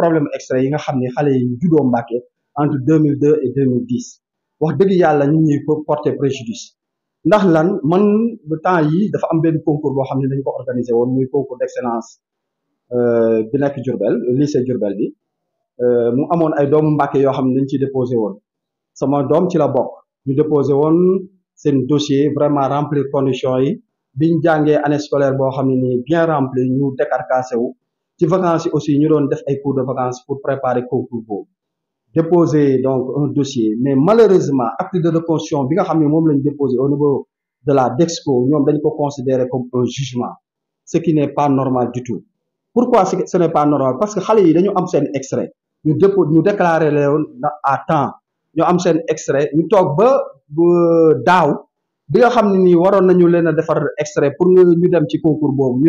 problème extrait yi nga xam ne xale yi juddoo Mbàkke entre 2002 et 2010 wax dëgg yàlla ñu ñuy porter préjudice ndax lan man temps yi dafa am benn concours boo xam ne dañu ko organisé woon muy concours d'excellence euh, bi nekk Diourbel lycée Diourbel bi euh, mu amoon ay doom Mbàkke yoo xam ne dañ ciy déposé woon sama doom ci la bokk ñu déposé woon seen dossier vraiment remplir conditions yi biñ jàngee année scolaire boo xam ne nii bien rempli ñu décarcassé wu ci vacances yi aussi ñu doon def ay cours de vacances pour préparer concours boobu déposer donc un dossier mais malheureusement acte de reconstitution bi nga xam ne moom lañ déposé au niveau de la DEXCO ñoom dañ ko considérer comme un jugement ce qui n'est pas normal du tout pourquoi ce n'est pas normal parce que xale yi dañu am seen extrait ñu dépo ñu déclaré leen à temps ñu am seen extrait ñu toog ba daaw bi nga xam ne nii waroon nañu leen a defar extrait pour ñu dem ci concours boobu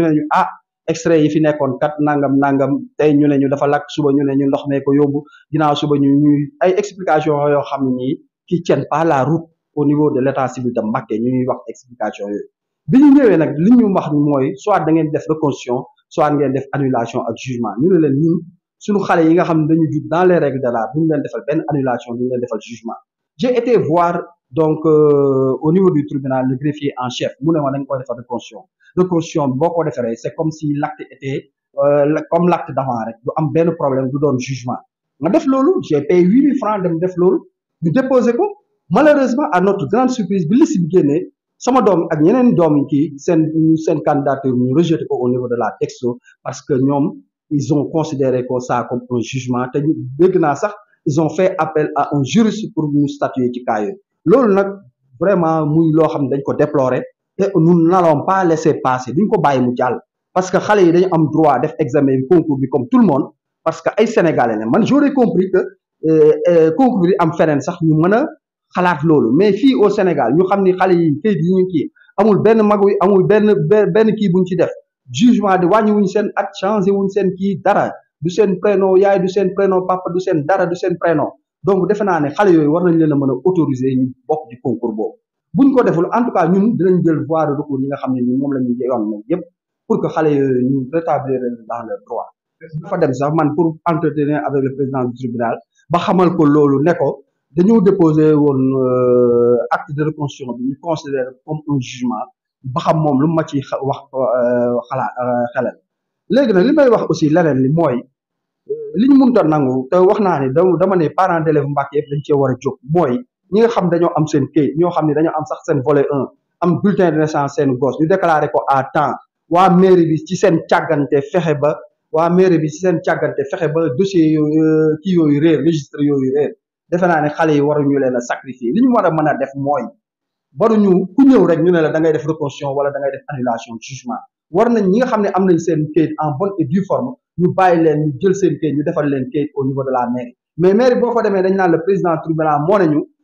extrait yi fi nekkoon kat nangam nangam tey ñu ne ñu dafa lakk suba ñu ne ñu ndox mee ko yóbbu ginnaaw suba ñu ñuy ay explication yoo xam ne nii qui tiennent pas la route au niveau de l'état civil de Mbacké ñu ñuy wax explication yooyu bi ñu nag li ñu wax mooy soit da ngeen def reconstitution soit ngeen def annulation ak jugement ñu ne leen ñun suñu xale yi nga xam ne dañu jub dans les règles de l'art leen defal benn annulation duñu leen defal jugement j'ai été voir donc euh, au niveau du tribunal le greffier en chef mu ne ma dañ koy defal reconstitution de caution boo ko deferee c'est comme si l'acte était euh, comme l'acte d'avant rek du am benn problème du doon jugement nga def loolu j'ai payé huit mille francs dem def loolu ñu déposé ko malheureusement à notre grande surprise bi liste bi génnee sama doom ak ñeneen doom kii seen seen candidature ñu rejeté ko au niveau de la Texto parce que ñoom ils ont considéré ko ça comme un jugement te ñu dégg naa sax ils ont fait appel à un juriste pour ñu statuer ci cas yooyu loolu nag vraiment muy loo xam ne dañ ko déplorer te nous n'allons pas laisser passer duñ ko bàyyi mu jàll parce que xale yi dañu am droit def examen bi concours bi comme tout le monde parce que ay sénégalais ne man j'aurais compris que euh, euh, concours bi am feneen sax ñu mën a xalaat loolu mais fii au Sénégal ñu xam ni xale yi kayit yi ñu kii amul benn magu amul benn benn kii buñ ci def jugement de wàññi wuñ seen at changé wuñ seen kii dara du seen prénom yaay du seen prénom papa du seen dara du seen prénom donc defe naa ne xale yooyu war nañ leen a mën a autoriser ñu bokk ci concours buñ ko deful en tout cas ñun dinañ jël voie de recours yi nga xam ne ni moom la ñu yoon moom yëpp pour que xale yooyu ñu rétablir dans leur droit dafa dem sax man pour entretenir avec le président du tribunal ba xamal ko loolu ne ko dañoo déposé woon euh, acte de reconstruction bi ñu considéré comme un jugement ba xam moom lu ma ci wax euh, xalaat euh, xelal léegi nag li may wax aussi leneen li mooy li ñu mun mënta nangu te wax naa ne dama ne parents d'élèves Mbacké yëpp dañ cee war a jóg mooy ñi nga xam dañoo am seen këy ñoo xam ne dañoo am sax seen volet un am bulletin de naissance seen gos ñu déclaré ko à temps waa mairie bi ci seen càggante fexe ba waa mairie bi seen càggante fexe ba dossier yooyu euh, kii yooyu réer registre yooyu réer defe naa ne xale yi waruñu leen a sacrifier li ñu war a mën a def mooy waruñu ku ñëw rek ñu ne la da ngay def reconstitution wala da ngay def annulation jugement war nañ ñi nga xam ne am nañ seen kayit en bonne et due forme ñu bàyyi leen ñu jël seen kayit ñu defal leen kayit au niveau de la mais mairie boo fa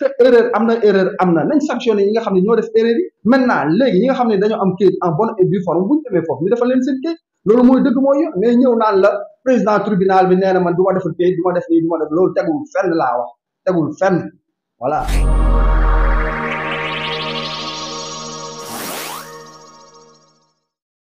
te erreur am na erreur am na nañ sanctionné ñi nga xam ne ñoo def erreur yi maintenant léegi ñi nga xam ne dañoo am kayit en bonne et due forme bu ñu demee foofu ñu defal leen seen kayit loolu mooy dëgg mooy yoon mais ñëw naan la président tribunal bi nee na man du ma defal kayit du ma def nii du ma def loolu tegul fenn laa wax tegul fenn voilà